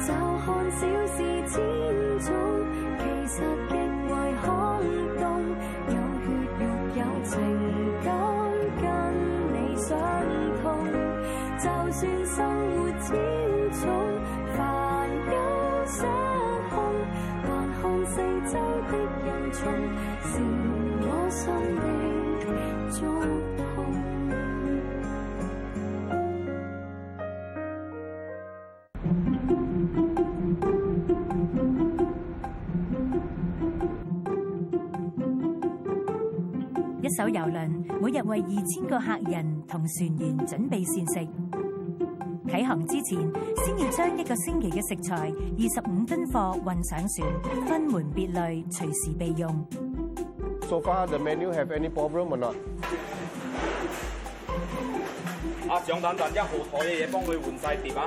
就看小事千種，其實極為空洞。有血肉有情感，跟你相通。就算生活千種，煩憂失控，還看四周的人叢，是我信你。艘遊輪每日為二千個客人同船員準備膳食，啟航之前，先要將一個星期嘅食材二十五噸貨運上船，分門別類，隨時備用。So far the menu have any problem or not？阿長、 ah, 等等，一號台嘅嘢幫佢換晒碟啊！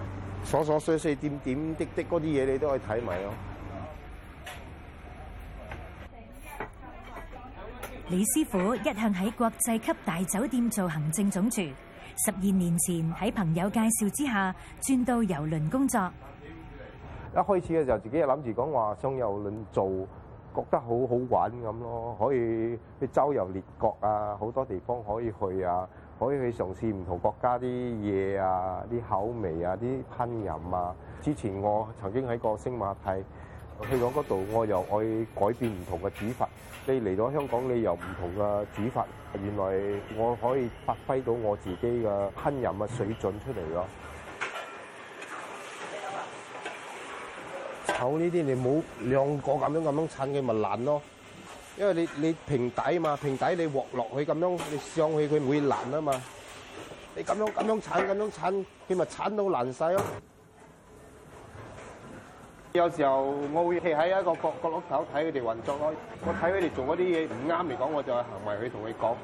瑣瑣碎碎、點點滴滴嗰啲嘢，你都可以睇埋咯。李師傅一向喺國際級大酒店做行政總廚，十二年前喺朋友介紹之下轉到郵輪工作。一開始嘅時候，自己又諗住講話上郵輪做，覺得好好玩咁咯，可以去周遊列國啊，好多地方可以去啊。可以去嘗試唔同國家啲嘢啊，啲口味啊，啲烹飪啊。之前我曾經喺個星馬泰，去嗰度我又可以改變唔同嘅煮法。你嚟到香港，你又唔同嘅煮法，原來我可以發揮到我自己嘅烹飪嘅水準出嚟咯。炒呢啲你冇兩個咁樣咁樣襯嘅咪難咯。因為你你平底嘛，平底你鑊落去咁樣，你上去佢唔會爛啊嘛。你咁樣咁樣鏟，咁樣鏟，佢咪鏟到爛晒咯。有時候我會喺一個角角落頭睇佢哋運作咯，我睇佢哋做嗰啲嘢唔啱嚟講，我就行埋去同佢講。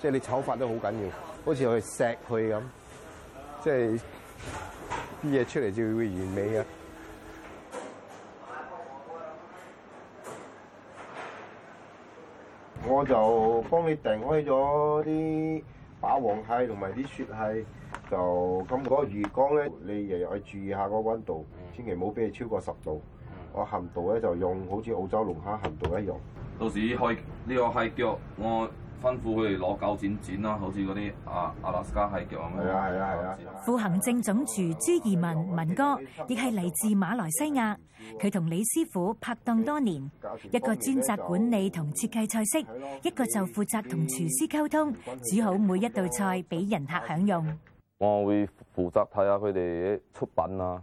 即係你炒法都好緊要，好似去錫佢咁，即係啲嘢出嚟就會完美啊。我就幫你訂開咗啲霸王蟹同埋啲雪蟹，就咁嗰、那個魚缸咧，你日日去注意一下個溫度，千祈唔好俾佢超過十度。我鹹度咧就用好似澳洲龍蝦鹹度一樣，到時開呢、這個蟹腳我。吩咐佢哋攞刀剪剪啦，好似嗰啲啊阿拉斯加係叫咩？係啊係啊！剪副行政總廚朱義文文哥亦係嚟自馬來西亞，佢同李師傅拍檔多年，一個專責管理同設計菜式，一個就負責同廚師溝通，煮好每一道菜俾人客享用。我會負責睇下佢哋出品啊。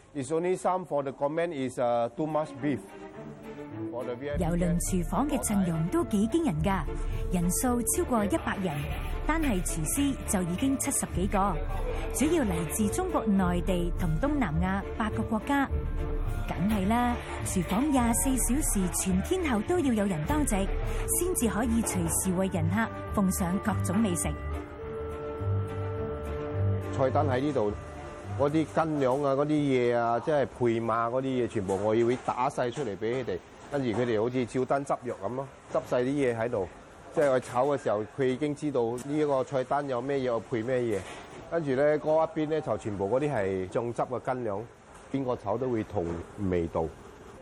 郵輪廚房嘅陣容都幾驚人㗎，人數超過一百人，Yeah. 單係廚師就已經七十幾個，主要嚟自中國內地同東南亞八個國家，梗係啦！廚房廿四小時全天候都要有人當值，先至可以隨時為人客奉上各種美食。菜單喺呢度。嗰啲斤兩啊，嗰啲嘢啊，即係配碼嗰啲嘢，全部我要會打晒出嚟俾佢哋，跟住佢哋好似照單執藥咁咯，執晒啲嘢喺度，即係我炒嘅時候，佢已經知道呢一個菜單有咩嘢配咩嘢，跟住咧嗰一邊咧就全部嗰啲係醬汁嘅斤兩，邊個炒都會同味道，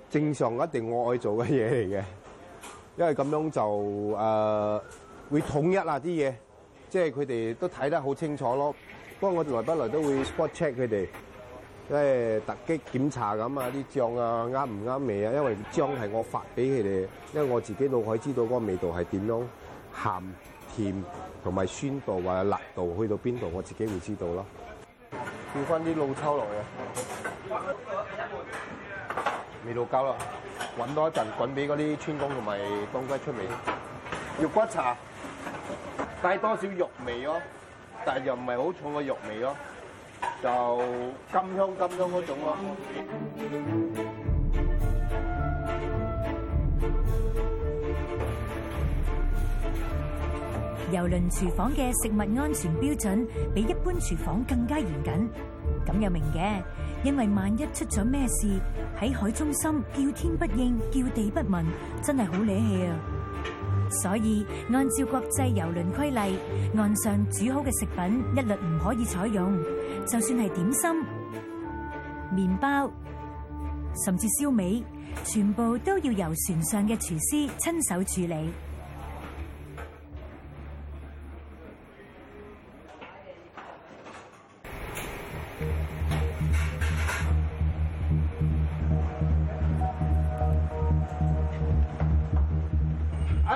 正常一定我愛做嘅嘢嚟嘅，因為咁樣就誒、呃、會統一啊啲嘢，即係佢哋都睇得好清楚咯。不過我來不來都會 spot check 佢哋，即、哎、係突擊檢查咁啊！啲醬啊啱唔啱味啊？因為醬係我發俾佢哋，因為我自己都可以知道嗰個味道係點樣鹹、甜同埋酸度或者辣度去到邊度，我自己會知道咯。調翻啲老抽落去呀，味道夠啦，滾多一陣，滾俾嗰啲川芎同埋當歸出味。肉骨茶帶多少肉味咯、哦？但又唔係好重嘅肉味咯，就甘香甘香嗰種咯。郵輪廚房嘅食物安全標準比一般廚房更加嚴謹，咁又明嘅，因為萬一出咗咩事喺海中心叫天不應，叫地不聞，真係好瀟氣啊！所以，按照國際郵輪規例，岸上煮好嘅食品一律唔可以採用，就算係點心、麵包，甚至燒味，全部都要由船上嘅廚師親手處理。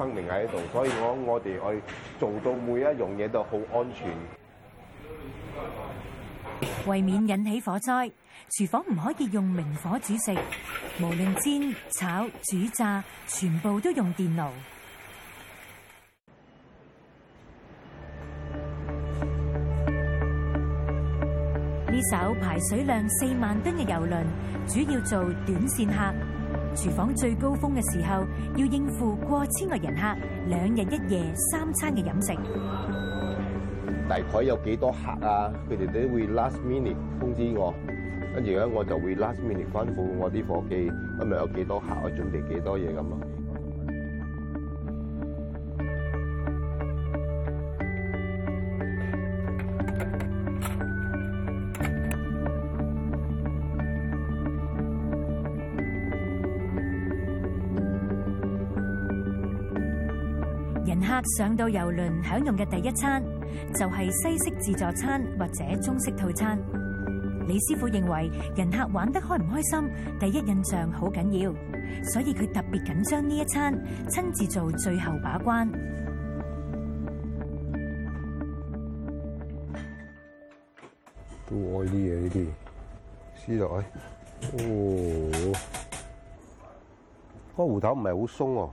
生命喺度，所以我我哋去做到每一樣嘢都好安全。為免引起火災，廚房唔可以用明火煮食，無論煎、炒、煮、炸，全部都用電爐。呢艘排水量四萬噸嘅遊輪主要做短綫客。廚房最高峰嘅時候，要應付過千個人客，兩日一夜三餐嘅飲食。大概有幾多客啊？佢哋都會 last minute 通知我，跟住咧，我就會 last minute 吩咐我啲伙計，今日有幾多客，我準備幾多嘢咁咯。客上到遊輪享用嘅第一餐就係西式自助餐或者中式套餐。李師傅認為，人客玩得開唔開心，第一印象好緊要，所以佢特別緊張呢一餐，親自做最後把關。都愛啲嘢呢啲，先落去。哦，個芋頭唔係好鬆哦。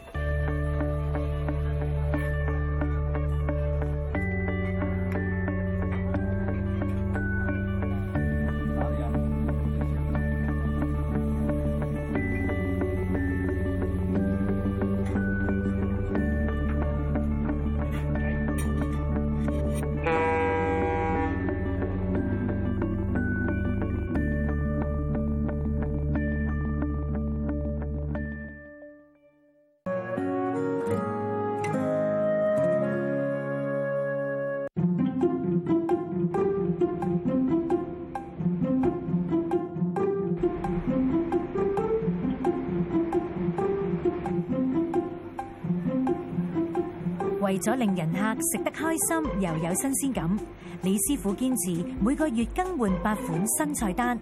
咗令人客食得開心，又有新鮮感，李師傅堅持每個月更換八款新菜單，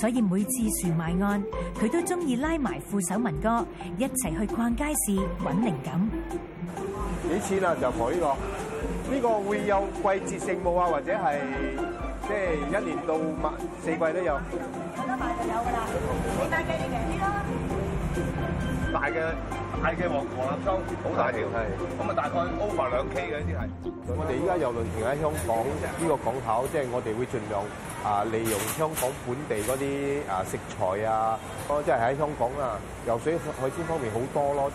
所以每次售賣案，佢都中意拉埋副手文哥一齊去逛街市搵靈感。幾錢啊？就賣呢個？呢個會有季節性冇啊？或者係即係一年到晚四季都有。有得賣就有噶啦，你買幾件？大嘅大嘅黃黃立裝，好大條，係咁啊！就大概 over 兩 K 嘅呢啲係。我哋依家遊輪停喺香港呢個港口，即係我哋會盡量啊利用香港本地嗰啲啊食材啊，即係喺香港啊，游水海鮮方面好多咯。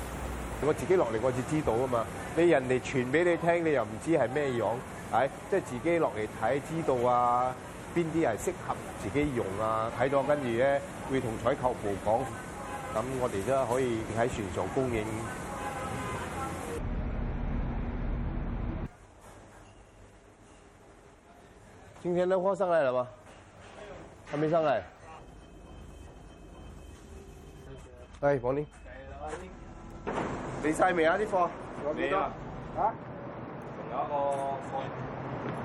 我自己落嚟我至知道啊嘛，你人哋傳俾你聽，你又唔知係咩樣，係即係自己落嚟睇知道啊，邊啲係適合自己用啊？睇到跟住咧會同採購部講。咁我哋都可以喺船上供應。今天啲貨上來啦嗎？還未上來。哎，王寧，嚟曬未啊？啲貨。幾多啊？嚇？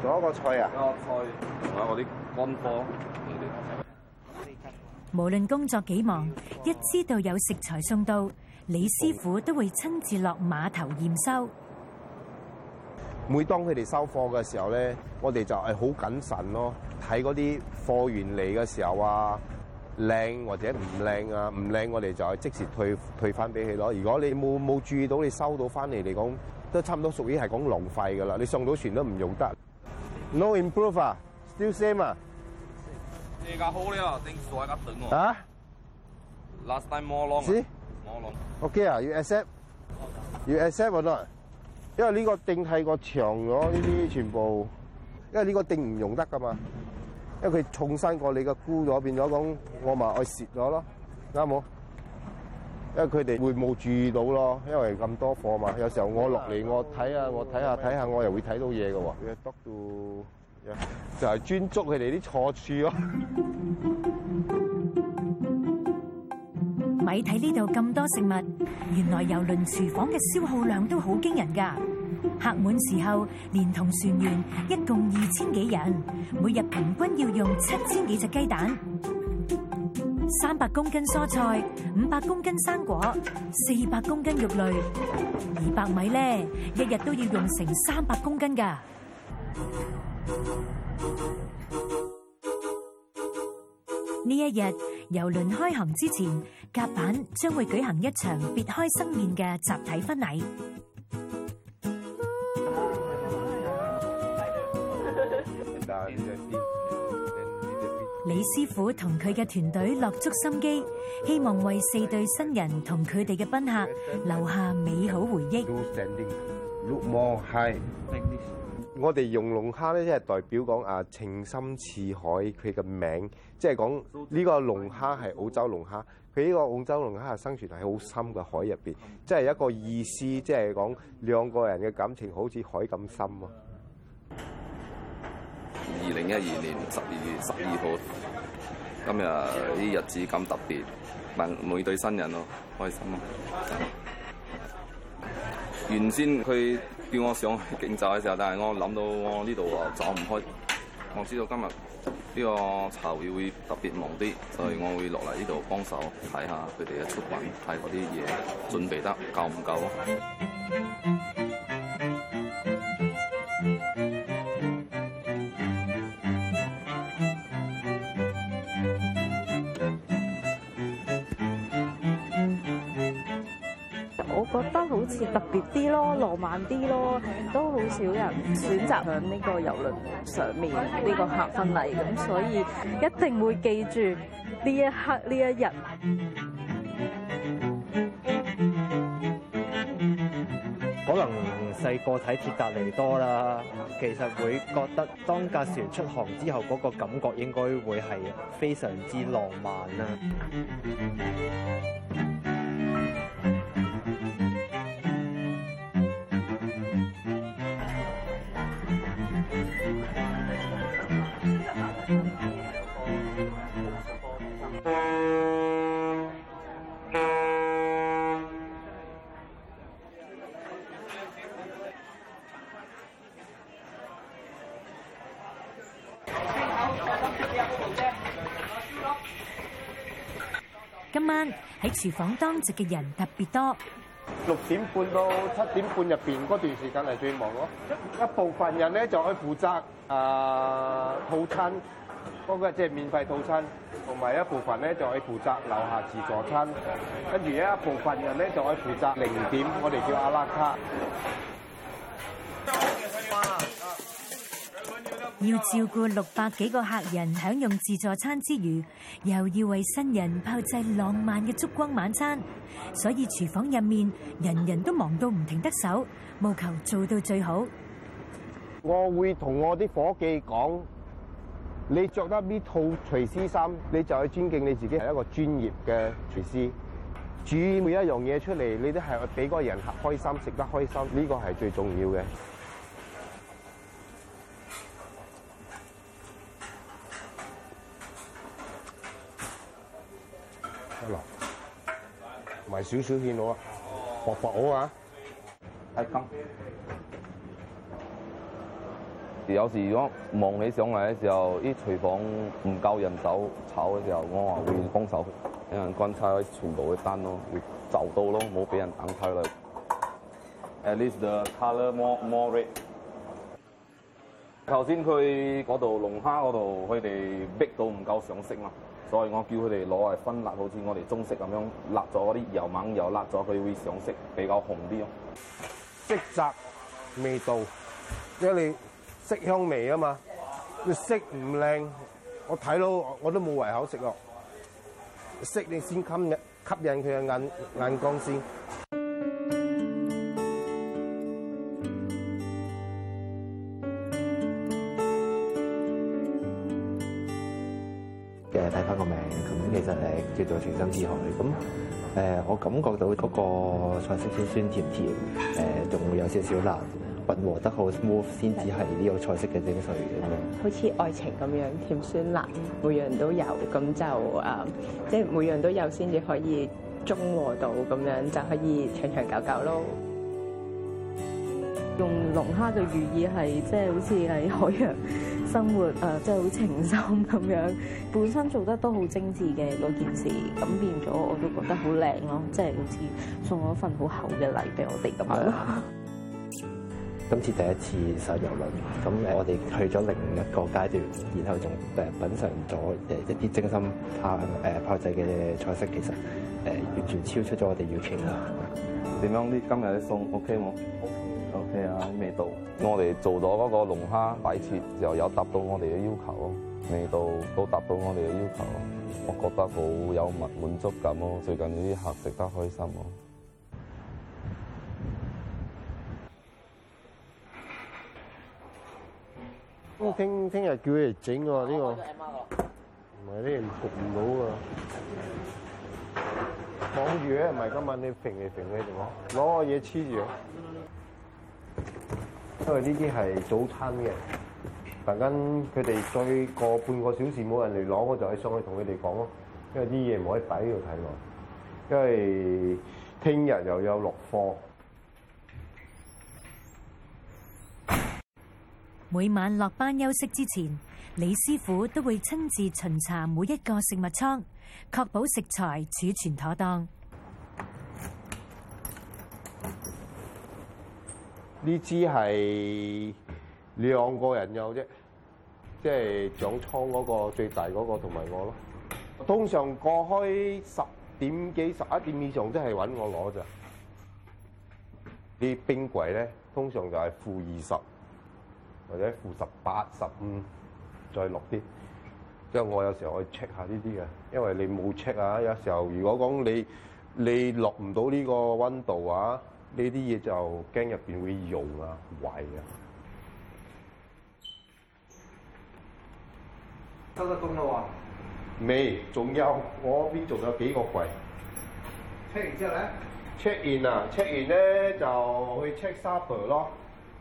仲有一個菜，仲有一個菜啊？個菜，仲有嗰啲乾貨。無論工作幾忙，一知道有食材送到，李師傅都會親自落碼頭驗收。每當佢哋收貨嘅時候咧，我哋就係好謹慎咯，睇嗰啲貨源嚟嘅時候啊，靚或者唔靚啊，唔靚我哋就係即時退退翻俾佢咯。如果你冇冇注意到你收到翻嚟嚟講，都差唔多屬於係講浪費噶啦，你送到船都唔用得。No improvement, still same. 車架好咧啊，釘衰得等我。啊？last time 毛龍。Okay 啊，你 accept？要 Okay. accept o 因為呢個釘係個長咗，呢啲全部，因為呢個釘唔用得噶嘛，因為佢重身過你個箍咗，變咗講我咪我蝕咗咯，啱冇？因為佢哋會冇注意到咯，因為咁多貨嘛，有時候我落嚟 Yeah, 我睇下不我睇下睇不下不我又會睇到嘢噶喎。嘅就係專捉佢哋啲錯處咯。咪睇呢度咁多食物，原來郵輪廚房嘅消耗量都好驚人噶。客滿時候，連同船員一共二千幾人，每日平均要用七千幾隻雞蛋，三百公斤蔬菜，五百公斤生果，四百公斤肉類，而白米咧，一日都要用成三百公斤噶。呢一日遊輪開行之前，甲板將會舉行一場別開生面嘅集體婚禮。李師傅同佢嘅團隊落足心機，希望為四對新人同佢哋嘅賓客留下美好回憶。我哋用龍蝦咧，即係代表講啊情深似海，佢嘅名即係講呢個龍蝦係澳洲龍蝦，佢呢個澳洲龍蝦係生存喺好深嘅海入邊，即係一個意思，即係講兩個人嘅感情好似海咁深咯。二零一二年十二月十二號，今日呢日子咁特別，每每對新人咯，開心啊！原先佢。叫我上去警站嘅時候，但係我諗到我呢度啊走唔開。我知道今日呢個茶會會特別忙啲，所以我會落嚟呢度幫手睇下佢哋嘅出品，睇嗰啲嘢準備得夠唔夠。好似特別啲咯，浪漫啲咯，都好少人選擇喺呢個郵輪上面呢、呢個客婚禮，咁所以一定會記住呢一刻呢一日。可能細個睇鐵達尼多啦，其實會覺得當架船出航之後嗰、嗰個感覺應該會係非常之浪漫啦。喺廚房當值嘅人特別多，六點半到七點半入邊嗰段時間係最忙咯。一部分人咧就可以負責誒、呃、套餐，嗰個即係免費套餐，同埋一部分咧就可以負責樓下自助餐，跟住有一部分人咧就可以負責零點，我哋叫阿拉卡。要照顧六百幾個客人享用自助餐之餘，又要為新人炮製浪漫嘅燭光晚餐，所以廚房入面人人都忙到唔停得手，務求做到最好。我會同我啲伙計講：「你着得呢套廚師衫，你就去尊敬你自己係一個專業嘅廚師。煮每一樣嘢出嚟，你都係俾個人客開心，食得開心，呢個係最重要嘅。」咪少少欠我啊，薄薄好啊，一斤。有時如果忙起上嚟嘅時候，啲廚房唔夠人手炒嘅時候，我話會幫手，因為乾叉全部嘅單咯，會就到咯，冇俾人等曬啦。At least the colour more more red。頭先佢嗰度龍蝦嗰度，佢哋逼到唔夠上色嘛。所以我叫佢哋攞嚟分辣，好似我哋中式咁樣辣咗嗰啲又猛又辣咗，佢會上色比較紅啲咯。色澤、味道，因為你色香味啊嘛，你色唔靚，我睇到我都冇胃口食咯。色你先吸引吸引佢嘅眼眼光先。睇翻個名，咁其實誒叫做情深似海。咁誒，我感覺到嗰個菜式酸酸甜甜，誒仲會有少少辣，混合得好 smooth，先至係呢個菜式嘅精髓咁樣。好似愛情咁樣，甜酸辣，每樣都有。咁就誒、嗯，即係每樣都有先至可以中和到，咁樣就可以長長久久咯。用龍蝦嘅寓意係，即係好似係海洋。生活誒、呃，即係好情心咁樣，本身做得都好精緻嘅嗰件事，咁變咗我都覺得好靚咯，即係好似送咗份好厚嘅禮俾我哋咁咯。 今次第一次上遊輪，咁誒我哋去咗另一個階段，然後仲誒品嚐咗誒一啲精心烹誒炮製嘅菜式，其實誒完全超出咗我哋預期啦。點樣啲今日啲餸 OK 我。係啊，味道 我哋做咗嗰個龍蝦擺設，又有達到我哋嘅要求，味道都達到我哋嘅要求，嗯、我覺得好有物滿足感咯。最近呢啲客食得開心哦。咁聽聽日叫佢整喎呢個，唔係啲人焗唔到啊。講住咧，唔係今晚你平你平去仲講，攞個嘢黐住。因為呢啲係早餐嘅，突然間佢哋再過半個小時冇人嚟攞，我就去上去同佢哋講咯。因為啲嘢唔可以擺喺度睇喎，因為聽日又有落貨。每晚落班休息之前，李師傅都會親自巡查每一個食物倉，確保食材儲存妥當。呢支係兩個人有啫，即係掌倉嗰個最大嗰個同埋我咯。通常過開十點幾十一點以上，即係搵我攞咋。啲冰櫃咧，通常就係負二十或者負十八十五，再落啲。即係我有時候會 check 下呢啲嘅，因為你冇 check 啊，有時候如果講你你落唔到呢個溫度啊。.呢啲嘢就驚入面會溶啊壞啊！收得工啦啊未？仲有我邊仲有幾個櫃。check 完之後咧？check 完啦，check 完咧就去 check supper 咯。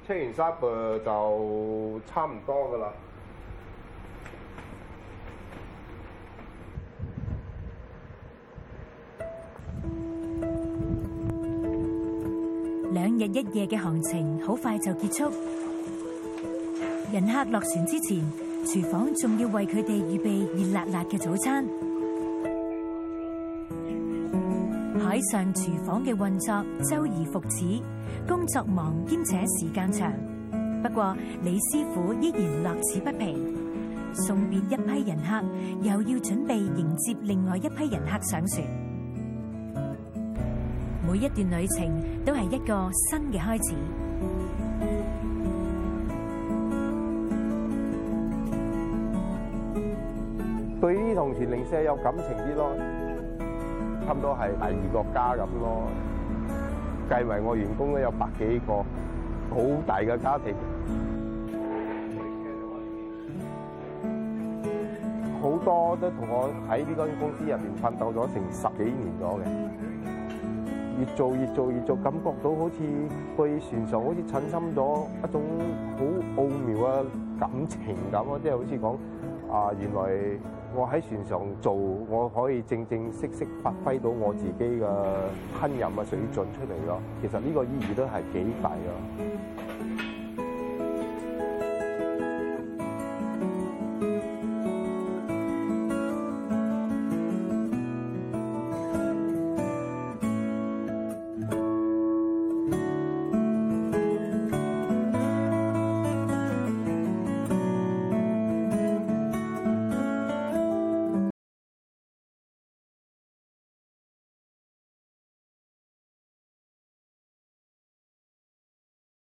check 完 supper 就差唔多噶啦。日一夜嘅行程好快就結束，人客落船之前，廚房仲要為佢哋預備熱辣辣嘅早餐。海上廚房嘅運作周而復始，工作忙兼且時間長，不過李師傅依然樂此不疲。送別一批人客，又要準備迎接另外一批人客上船。每一段旅程都係一個新嘅開始。對啲同事零舍有感情啲咯，差唔多係第二個家咁咯。計埋我員工都有百幾個，好大嘅家庭，好多都同我喺呢間公司入邊奮鬥咗成十幾年咗嘅。越做越做越做，感覺到好似對船上好似產生咗一種好奧妙嘅感情咁啊！即係好似講啊，原來我喺船上做，我可以正正式式發揮到我自己嘅烹飪嘅水準出嚟咯。其實呢個意義都係幾大咯。